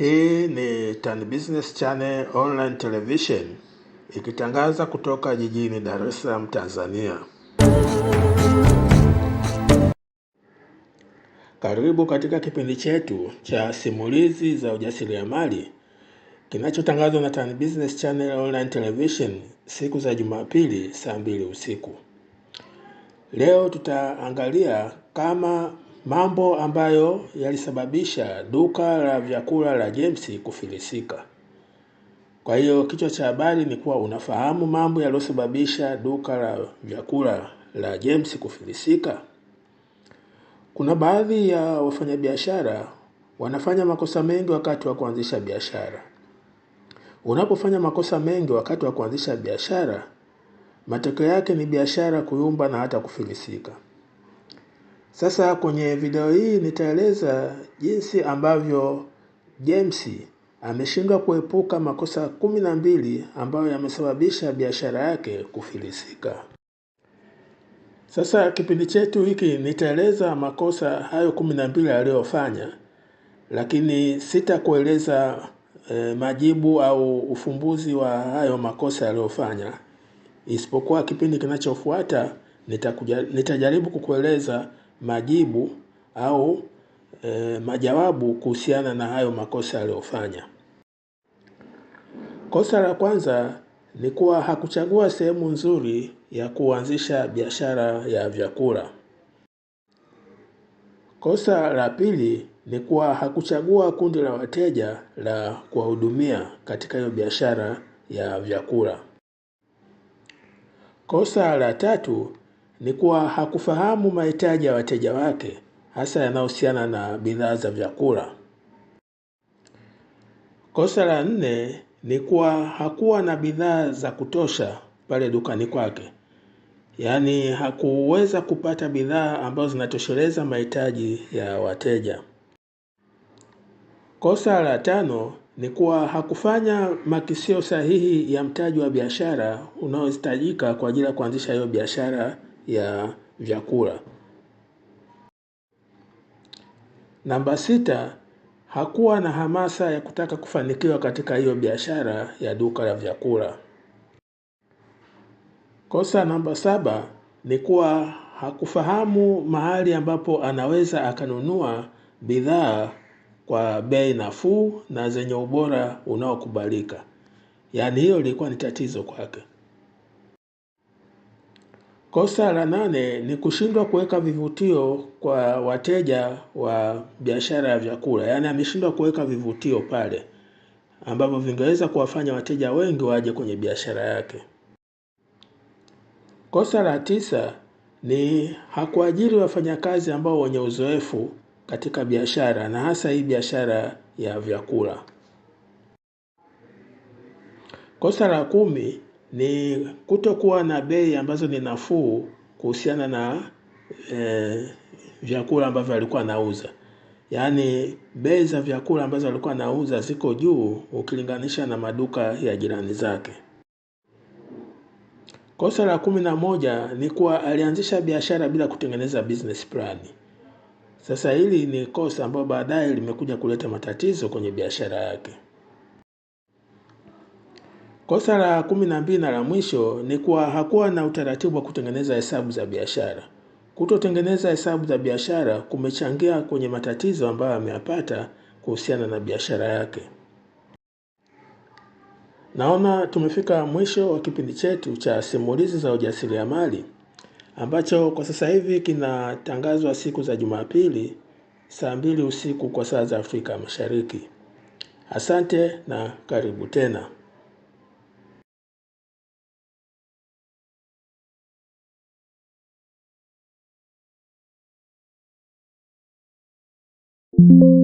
Hii ni Tan Business Channel Online Television ikitangaza kutoka jijini Dar es Salaam, Tanzania. Karibu katika kipindi chetu cha simulizi za ujasiriamali kinachotangazwa na Tan Business Channel Online Television siku za Jumapili saa mbili usiku. Leo tutaangalia kama mambo ambayo yalisababisha duka la vyakula la James kufilisika. Kwa hiyo kichwa cha habari ni kuwa unafahamu mambo yaliyosababisha duka la vyakula la James kufilisika. Kuna baadhi ya wafanyabiashara wanafanya makosa mengi wakati wa kuanzisha biashara. Unapofanya makosa mengi wakati wa kuanzisha biashara, matokeo yake ni biashara kuyumba na hata kufilisika. Sasa kwenye video hii nitaeleza jinsi ambavyo James ameshindwa kuepuka makosa kumi na mbili ambayo yamesababisha biashara yake kufilisika. Sasa kipindi chetu hiki nitaeleza makosa hayo kumi na mbili aliyofanya, lakini sitakueleza eh, majibu au ufumbuzi wa hayo makosa aliyofanya, isipokuwa kipindi kinachofuata nitakuja, nitajaribu kukueleza majibu au e, majawabu kuhusiana na hayo makosa aliyofanya. Kosa la kwanza ni kuwa hakuchagua sehemu nzuri ya kuanzisha biashara ya vyakula. Kosa la pili ni kuwa hakuchagua kundi la wateja la kuwahudumia katika hiyo biashara ya vyakula. Kosa la tatu ni kuwa hakufahamu mahitaji ya wateja wake hasa yanayohusiana na bidhaa za vyakula. Kosa la nne ni kuwa hakuwa na bidhaa za kutosha pale dukani kwake, yaani hakuweza kupata bidhaa ambazo zinatosheleza mahitaji ya wateja. Kosa la tano ni kuwa hakufanya makisio sahihi ya mtaji wa biashara unaohitajika kwa ajili ya kuanzisha hiyo biashara ya vyakula. Namba sita, hakuwa na hamasa ya kutaka kufanikiwa katika hiyo biashara ya duka la vyakula. Kosa namba saba ni kuwa hakufahamu mahali ambapo anaweza akanunua bidhaa kwa bei nafuu na zenye ubora unaokubalika. Yaani hiyo ilikuwa ni tatizo kwake. Kosa la nane ni kushindwa kuweka vivutio kwa wateja wa biashara ya vyakula, yaani ameshindwa kuweka vivutio pale ambavyo vingeweza kuwafanya wateja wengi waje kwenye biashara yake. Kosa la tisa ni hakuajiri wafanyakazi ambao wenye uzoefu katika biashara na hasa hii biashara ya vyakula. Kosa la kumi ni kutokuwa na bei ambazo ni nafuu kuhusiana na e, vyakula ambavyo alikuwa anauza yaani bei za vyakula ambazo alikuwa anauza ziko juu ukilinganisha na maduka ya jirani zake. Kosa la kumi na moja ni kuwa alianzisha biashara bila kutengeneza business plan. Sasa hili ni kosa ambalo baadaye limekuja kuleta matatizo kwenye biashara yake. Kosa la kumi na mbili na la mwisho ni kuwa hakuwa na utaratibu wa kutengeneza hesabu za biashara. Kutotengeneza hesabu za biashara kumechangia kwenye matatizo ambayo ameyapata kuhusiana na biashara yake. Naona tumefika mwisho wa kipindi chetu cha simulizi za ujasiriamali ambacho kwa sasa hivi kinatangazwa siku za Jumapili saa mbili usiku kwa saa za Afrika Mashariki. Asante na karibu tena. thank you